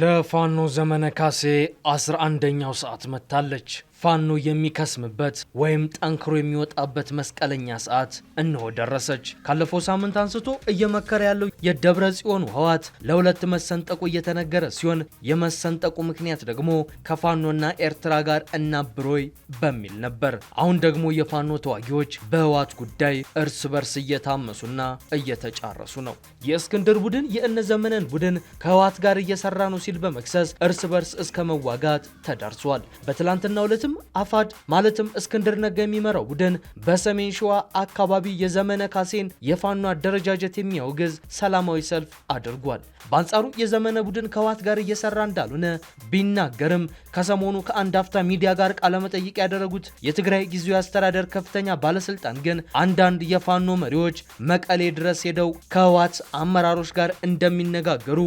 ለፋኖ ዘመነ ካሴ 11ኛው ሰዓት መታለች። ፋኖ የሚከስምበት ወይም ጠንክሮ የሚወጣበት መስቀለኛ ሰዓት እነሆ ደረሰች። ካለፈው ሳምንት አንስቶ እየመከረ ያለው የደብረ ጽዮኑ ህወሓት ለሁለት መሰንጠቁ እየተነገረ ሲሆን የመሰንጠቁ ምክንያት ደግሞ ከፋኖና ኤርትራ ጋር እናብሮይ በሚል ነበር። አሁን ደግሞ የፋኖ ተዋጊዎች በህወሓት ጉዳይ እርስ በርስ እየታመሱና እየተጫረሱ ነው። የእስክንድር ቡድን የእነ ዘመነን ቡድን ከህወሓት ጋር እየሰራ ነው ሲል በመክሰስ እርስ በርስ እስከ መዋጋት ተዳርሷል። በትላንትና ሁለት ማለትም አፋድ ማለትም እስክንድር ነጋ የሚመራው ቡድን በሰሜን ሸዋ አካባቢ የዘመነ ካሴን የፋኖ አደረጃጀት የሚያወግዝ ሰላማዊ ሰልፍ አድርጓል። በአንጻሩ የዘመነ ቡድን ከዋት ጋር እየሰራ እንዳልሆነ ቢናገርም ከሰሞኑ ከአንድ አፍታ ሚዲያ ጋር ቃለመጠይቅ ያደረጉት የትግራይ ጊዜያዊ አስተዳደር ከፍተኛ ባለስልጣን ግን አንዳንድ የፋኖ መሪዎች መቀሌ ድረስ ሄደው ከህዋት አመራሮች ጋር እንደሚነጋገሩ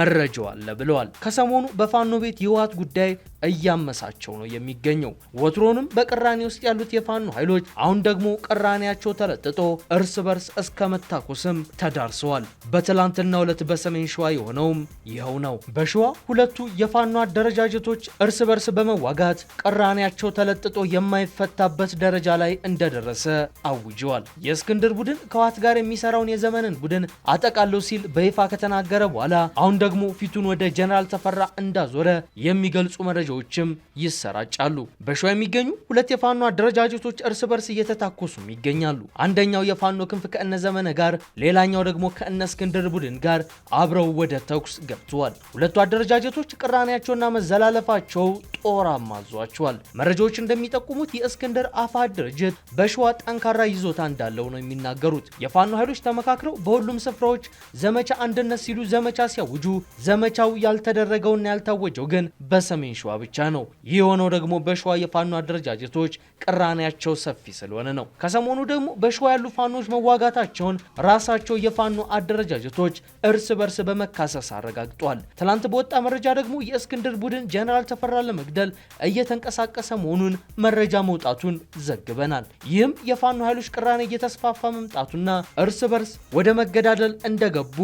መረጃው አለ ብለዋል። ከሰሞኑ በፋኖ ቤት የህዋት ጉዳይ እያመሳቸው ነው የሚገኘው። ወትሮንም በቅራኔ ውስጥ ያሉት የፋኖ ኃይሎች አሁን ደግሞ ቅራኔያቸው ተለጥጦ እርስ በርስ እስከ መታኮስም ተዳርሰዋል። በትላንትና ዕለት በሰሜን ሸዋ የሆነውም ይኸው ነው። በሸዋ ሁለቱ የፋኖ አደረጃጀቶች እርስ በርስ በመዋጋት ቅራኔያቸው ተለጥጦ የማይፈታበት ደረጃ ላይ እንደደረሰ አውጀዋል። የእስክንድር ቡድን ከዋት ጋር የሚሰራውን የዘመንን ቡድን አጠቃለሁ ሲል በይፋ ከተናገረ በኋላ አሁን ደግሞ ፊቱን ወደ ጀነራል ተፈራ እንዳዞረ የሚገልጹ መረጃ መረጃዎችም ይሰራጫሉ። በሸዋ የሚገኙ ሁለት የፋኖ አደረጃጀቶች እርስ በርስ እየተታኮሱም ይገኛሉ። አንደኛው የፋኖ ክንፍ ከእነ ዘመነ ጋር፣ ሌላኛው ደግሞ ከእነ እስክንድር ቡድን ጋር አብረው ወደ ተኩስ ገብተዋል። ሁለቱ አደረጃጀቶች ቅራኔያቸውና መዘላለፋቸው ጦር አማዟቸዋል። መረጃዎች እንደሚጠቁሙት የእስክንድር አፋ ድርጅት በሸዋ ጠንካራ ይዞታ እንዳለው ነው የሚናገሩት። የፋኖ ኃይሎች ተመካክረው በሁሉም ስፍራዎች ዘመቻ አንድነት ሲሉ ዘመቻ ሲያውጁ፣ ዘመቻው ያልተደረገውና ያልታወጀው ግን በሰሜን ሸዋ ብቻ ነው። ይህ የሆነው ደግሞ በሸዋ የፋኖ አደረጃጀቶች ቅራኔያቸው ሰፊ ስለሆነ ነው። ከሰሞኑ ደግሞ በሸዋ ያሉ ፋኖች መዋጋታቸውን ራሳቸው የፋኖ አደረጃጀቶች እርስ በርስ በመካሰስ አረጋግጧል። ትላንት በወጣ መረጃ ደግሞ የእስክንድር ቡድን ጀነራል ተፈራ ለመግደል እየተንቀሳቀሰ መሆኑን መረጃ መውጣቱን ዘግበናል። ይህም የፋኖ ኃይሎች ቅራኔ እየተስፋፋ መምጣቱና እርስ በርስ ወደ መገዳደል እንደገቡ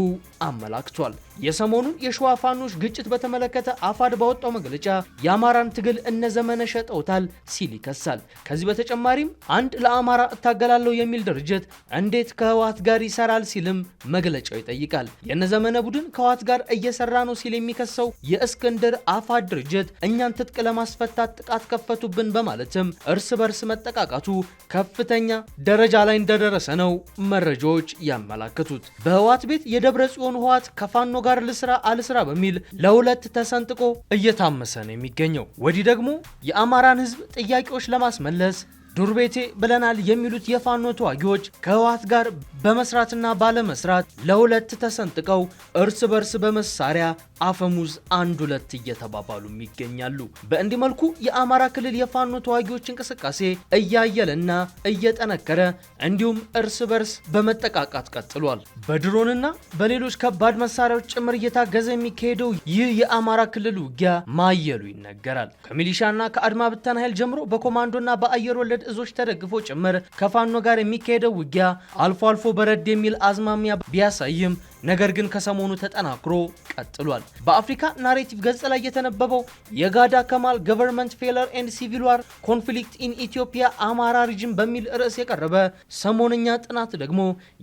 አመላክቷል። የሰሞኑን የሸዋ ፋኖች ግጭት በተመለከተ አፋድ ባወጣው መግለጫ የአማራን ትግል እነዘመነ ሸጠውታል ሲል ይከሳል። ከዚህ በተጨማሪም አንድ ለአማራ እታገላለሁ የሚል ድርጅት እንዴት ከህወሓት ጋር ይሰራል ሲልም መግለጫው ይጠይቃል። የእነዘመነ ቡድን ከህወሓት ጋር እየሰራ ነው ሲል የሚከሰው የእስክንድር አፋድ ድርጅት እኛን ትጥቅ ለማስፈታት ጥቃት ከፈቱብን በማለትም እርስ በርስ መጠቃቃቱ ከፍተኛ ደረጃ ላይ እንደደረሰ ነው መረጃዎች ያመላክቱት። በህወሓት ቤት የደብረ ጽዮን ህወሓት ከፋኖ ጋር ልስራ አልስራ በሚል ለሁለት ተሰንጥቆ እየታመሰ ነው የሚገኘው። ወዲህ ደግሞ የአማራን ህዝብ ጥያቄዎች ለማስመለስ ዱር ቤቴ ብለናል የሚሉት የፋኖ ተዋጊዎች ከህወሓት ጋር በመስራትና ባለመስራት ለሁለት ተሰንጥቀው እርስ በርስ በመሳሪያ አፈሙዝ አንድ ሁለት እየተባባሉም ይገኛሉ። በእንዲህ መልኩ የአማራ ክልል የፋኖ ተዋጊዎች እንቅስቃሴ እያየለና እየጠነከረ እንዲሁም እርስ በርስ በመጠቃቃት ቀጥሏል። በድሮንና በሌሎች ከባድ መሳሪያዎች ጭምር እየታገዘ የሚካሄደው ይህ የአማራ ክልል ውጊያ ማየሉ ይነገራል። ከሚሊሻና ከአድማ ብተና ኃይል ጀምሮ በኮማንዶና በአየር ወለድ እዞች ተደግፎ ጭምር ከፋኖ ጋር የሚካሄደው ውጊያ አልፎ አልፎ በረድ የሚል አዝማሚያ ቢያሳይም ነገር ግን ከሰሞኑ ተጠናክሮ ቀጥሏል። በአፍሪካ ናሬቲቭ ገጽ ላይ የተነበበው የጋዳ ከማል ገቨርንመንት ፌለር ኤንድ ሲቪል ዋር ኮንፍሊክት ኢን ኢትዮጵያ አማራ ሪጅን በሚል ርዕስ የቀረበ ሰሞነኛ ጥናት ደግሞ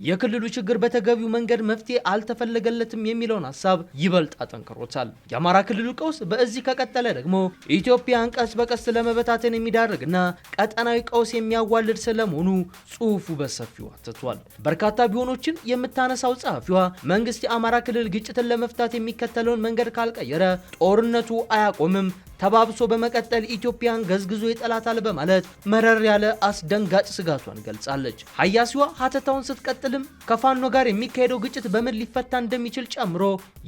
የክልሉ ችግር በተገቢው መንገድ መፍትሄ አልተፈለገለትም የሚለውን ሀሳብ ይበልጥ አጠንክሮታል። የአማራ ክልሉ ቀውስ በዚህ ከቀጠለ ደግሞ ኢትዮጵያን ቀስ በቀስ ለመበታተን የሚዳርግና ቀጠናዊ ቀውስ የሚያዋልድ ስለመሆኑ ጽሑፉ በሰፊው አትቷል። በርካታ ቢሆኖችን የምታነሳው ጸሐፊዋ መንግስት የአማራ ክልል ግጭትን ለመፍታት የሚከተለውን መንገድ ካልቀየረ ጦርነቱ አያቆምም ተባብሶ በመቀጠል ኢትዮጵያን ገዝግዞ ይጠላታል በማለት መረር ያለ አስደንጋጭ ስጋቷን ገልጻለች። ሀያሲዋ ሀተታውን ስትቀጥልም ከፋኖ ጋር የሚካሄደው ግጭት በምን ሊፈታ እንደሚችል ጨምሮ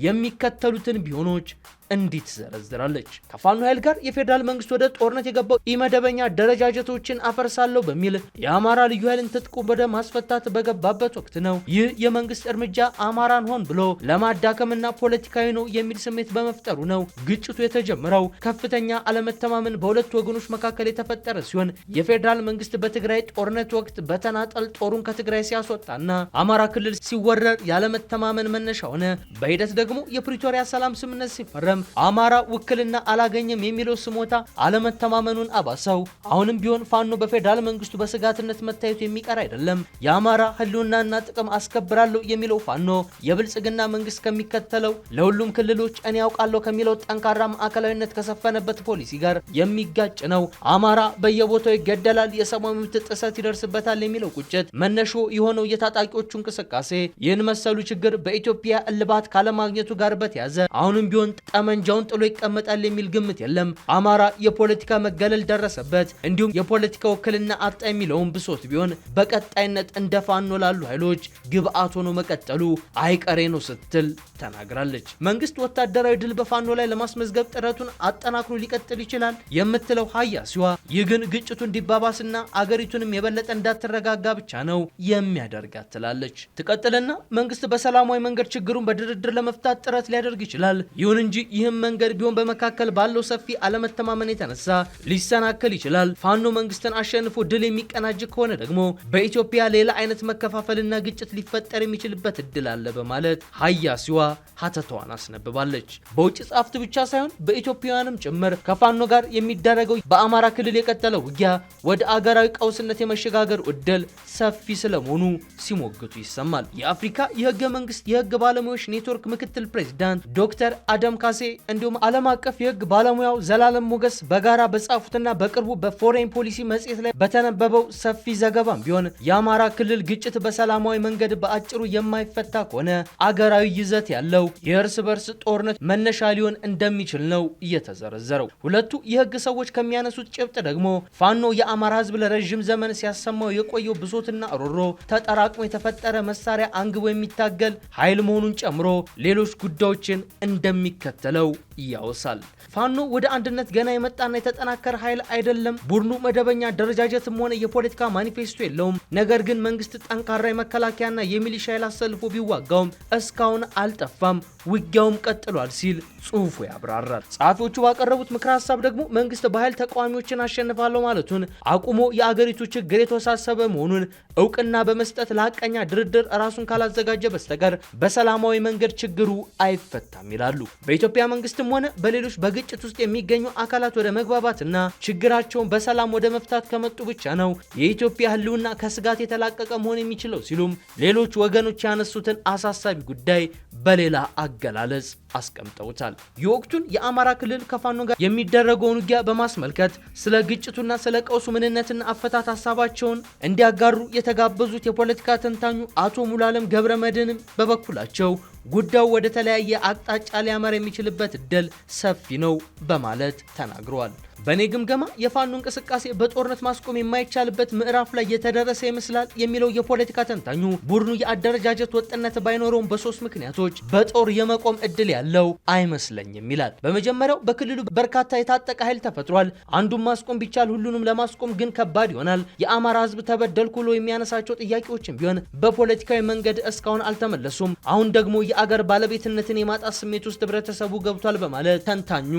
የሚከተሉትን ቢሆኖች እንዲህ ትዘረዝራለች። ከፋኖ ኃይል ጋር የፌዴራል መንግስት ወደ ጦርነት የገባው ኢመደበኛ ደረጃጀቶችን አፈርሳለሁ በሚል የአማራ ልዩ ኃይልን ትጥቁ ወደ ማስፈታት በገባበት ወቅት ነው። ይህ የመንግስት እርምጃ አማራን ሆን ብሎ ለማዳከምና ፖለቲካዊ ነው የሚል ስሜት በመፍጠሩ ነው ግጭቱ የተጀመረው። ከፍተኛ አለመተማመን በሁለቱ ወገኖች መካከል የተፈጠረ ሲሆን የፌዴራል መንግስት በትግራይ ጦርነት ወቅት በተናጠል ጦሩን ከትግራይ ሲያስወጣና አማራ ክልል ሲወረር ያለመተማመን መነሻ ሆነ። በሂደት ደግሞ የፕሪቶሪያ ሰላም ስምምነት ሲፈረም አማራ ውክልና አላገኘም የሚለው ስሞታ አለመተማመኑን አባሰው። አሁንም ቢሆን ፋኖ በፌዴራል መንግስቱ በስጋትነት መታየቱ የሚቀር አይደለም። የአማራ ህልውናና ጥቅም አስከብራለሁ የሚለው ፋኖ የብልጽግና መንግስት ከሚከተለው ለሁሉም ክልሎች እኔ ያውቃለሁ ከሚለው ጠንካራ ማዕከላዊነት ከሰፈነበት ፖሊሲ ጋር የሚጋጭ ነው። አማራ በየቦታው ይገደላል፣ የሰብአዊ መብት ጥሰት ይደርስበታል የሚለው ቁጭት መነሾ የሆነው የታጣቂዎቹ እንቅስቃሴ ይህን መሰሉ ችግር በኢትዮጵያ እልባት ካለማግኘቱ ጋር በተያዘ አሁንም ቢሆን ጠመንጃውን ጥሎ ይቀመጣል የሚል ግምት የለም። አማራ የፖለቲካ መገለል ደረሰበት፣ እንዲሁም የፖለቲካ ውክልና አጣ የሚለውን ብሶት ቢሆን በቀጣይነት እንደ ፋኖ ላሉ ኃይሎች ግብአት ሆኖ መቀጠሉ አይቀሬ ነው ስትል ተናግራለች። መንግስት ወታደራዊ ድል በፋኖ ላይ ለማስመዝገብ ጥረቱን አጠናክሮ ሊቀጥል ይችላል የምትለው ሀያ ሲዋ ይህ ግን ግጭቱ እንዲባባስና አገሪቱንም የበለጠ እንዳትረጋጋ ብቻ ነው የሚያደርጋት ትላለች። ትቀጥልና መንግስት በሰላማዊ መንገድ ችግሩን በድርድር ለመፍታት ጥረት ሊያደርግ ይችላል። ይሁን እንጂ ይህም መንገድ ቢሆን በመካከል ባለው ሰፊ አለመተማመን የተነሳ ሊሰናከል ይችላል። ፋኖ መንግስትን አሸንፎ ድል የሚቀናጅ ከሆነ ደግሞ በኢትዮጵያ ሌላ አይነት መከፋፈልና ግጭት ሊፈጠር የሚችልበት እድል አለ በማለት ሀያሲዋ ሀተታዋን አስነብባለች። በውጭ ጸሐፍት ብቻ ሳይሆን በኢትዮጵያውያንም ጭምር ከፋኖ ጋር የሚደረገው በአማራ ክልል የቀጠለው ውጊያ ወደ አገራዊ ቀውስነት የመሸጋገር እድል ሰፊ ስለመሆኑ ሲሞግቱ ይሰማል። የአፍሪካ የህገ መንግስት የህግ ባለሙያዎች ኔትወርክ ምክትል ፕሬዚዳንት ዶክተር አደም ካሴ እንዲሁም ዓለም አቀፍ የህግ ባለሙያው ዘላለም ሞገስ በጋራ በጻፉትና በቅርቡ በፎሬን ፖሊሲ መጽሔት ላይ በተነበበው ሰፊ ዘገባም ቢሆን የአማራ ክልል ግጭት በሰላማዊ መንገድ በአጭሩ የማይፈታ ከሆነ አገራዊ ይዘት ያለው የእርስ በርስ ጦርነት መነሻ ሊሆን እንደሚችል ነው እየተዘረዘረው። ሁለቱ የህግ ሰዎች ከሚያነሱት ጭብጥ ደግሞ ፋኖ የአማራ ህዝብ ለረዥም ዘመን ሲያሰማው የቆየው ብሶትና ሮሮ ተጠራቅሞ የተፈጠረ መሳሪያ አንግቦ የሚታገል ኃይል መሆኑን ጨምሮ ሌሎች ጉዳዮችን እንደሚከተል እንዳለው ያወሳል። ፋኖ ወደ አንድነት ገና የመጣና የተጠናከረ ኃይል አይደለም። ቡድኑ መደበኛ አደረጃጀትም ሆነ የፖለቲካ ማኒፌስቶ የለውም። ነገር ግን መንግስት ጠንካራ የመከላከያና የሚሊሻ ኃይል አሰልፎ ቢዋጋውም እስካሁን አልጠፋም፣ ውጊያውም ቀጥሏል ሲል ጽሁፉ ያብራራል። ጸሐፊዎቹ ባቀረቡት ምክረ ሀሳብ ደግሞ መንግስት በኃይል ተቃዋሚዎችን አሸንፋለሁ ማለቱን አቁሞ የአገሪቱ ችግር የተወሳሰበ መሆኑን እውቅና በመስጠት ለሀቀኛ ድርድር ራሱን ካላዘጋጀ በስተቀር በሰላማዊ መንገድ ችግሩ አይፈታም ይላሉ። በኢትዮጵያ በሊቢያ መንግስትም ሆነ በሌሎች በግጭት ውስጥ የሚገኙ አካላት ወደ መግባባትና ችግራቸውን በሰላም ወደ መፍታት ከመጡ ብቻ ነው የኢትዮጵያ ህልውና ከስጋት የተላቀቀ መሆን የሚችለው ሲሉም ሌሎች ወገኖች ያነሱትን አሳሳቢ ጉዳይ በሌላ አገላለጽ አስቀምጠውታል። የወቅቱን የአማራ ክልል ከፋኖ ጋር የሚደረገውን ውጊያ በማስመልከት ስለ ግጭቱና ስለ ቀውሱ ምንነትና አፈታት ሀሳባቸውን እንዲያጋሩ የተጋበዙት የፖለቲካ ተንታኙ አቶ ሙሉዓለም ገብረ በበኩላቸው ጉዳዩ ወደ ተለያየ አቅጣጫ ሊያመር የሚችልበት እድል ሰፊ ነው በማለት ተናግሯል። በእኔ ግምገማ የፋኖ እንቅስቃሴ በጦርነት ማስቆም የማይቻልበት ምዕራፍ ላይ የተደረሰ ይመስላል የሚለው የፖለቲካ ተንታኙ ቡድኑ የአደረጃጀት ወጥነት ባይኖረውም በሶስት ምክንያቶች በጦር የመቆም እድል ያለው አይመስለኝም ይላል። በመጀመሪያው በክልሉ በርካታ የታጠቀ ኃይል ተፈጥሯል። አንዱን ማስቆም ቢቻል ሁሉንም ለማስቆም ግን ከባድ ይሆናል። የአማራ ህዝብ ተበደልኩ ብሎ የሚያነሳቸው ጥያቄዎችም ቢሆን በፖለቲካዊ መንገድ እስካሁን አልተመለሱም። አሁን ደግሞ የአገር ባለቤትነትን የማጣት ስሜት ውስጥ ህብረተሰቡ ገብቷል በማለት ተንታኙ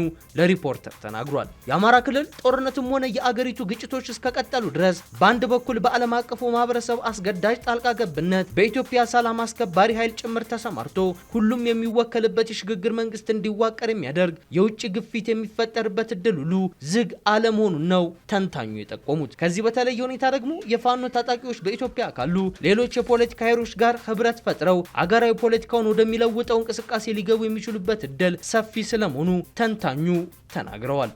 ለሪፖርተር ተናግሯል። በአማራ ክልል ጦርነትም ሆነ የአገሪቱ ግጭቶች እስከቀጠሉ ድረስ በአንድ በኩል በዓለም አቀፉ ማህበረሰብ አስገዳጅ ጣልቃ ገብነት በኢትዮጵያ ሰላም አስከባሪ ኃይል ጭምር ተሰማርቶ ሁሉም የሚወከልበት የሽግግር መንግስት እንዲዋቀር የሚያደርግ የውጭ ግፊት የሚፈጠርበት እድል ሁሉ ዝግ አለመሆኑን ነው ተንታኙ የጠቆሙት። ከዚህ በተለየ ሁኔታ ደግሞ የፋኖ ታጣቂዎች በኢትዮጵያ ካሉ ሌሎች የፖለቲካ ኃይሎች ጋር ህብረት ፈጥረው አገራዊ ፖለቲካውን ወደሚለውጠው እንቅስቃሴ ሊገቡ የሚችሉበት እድል ሰፊ ስለመሆኑ ተንታኙ ተናግረዋል።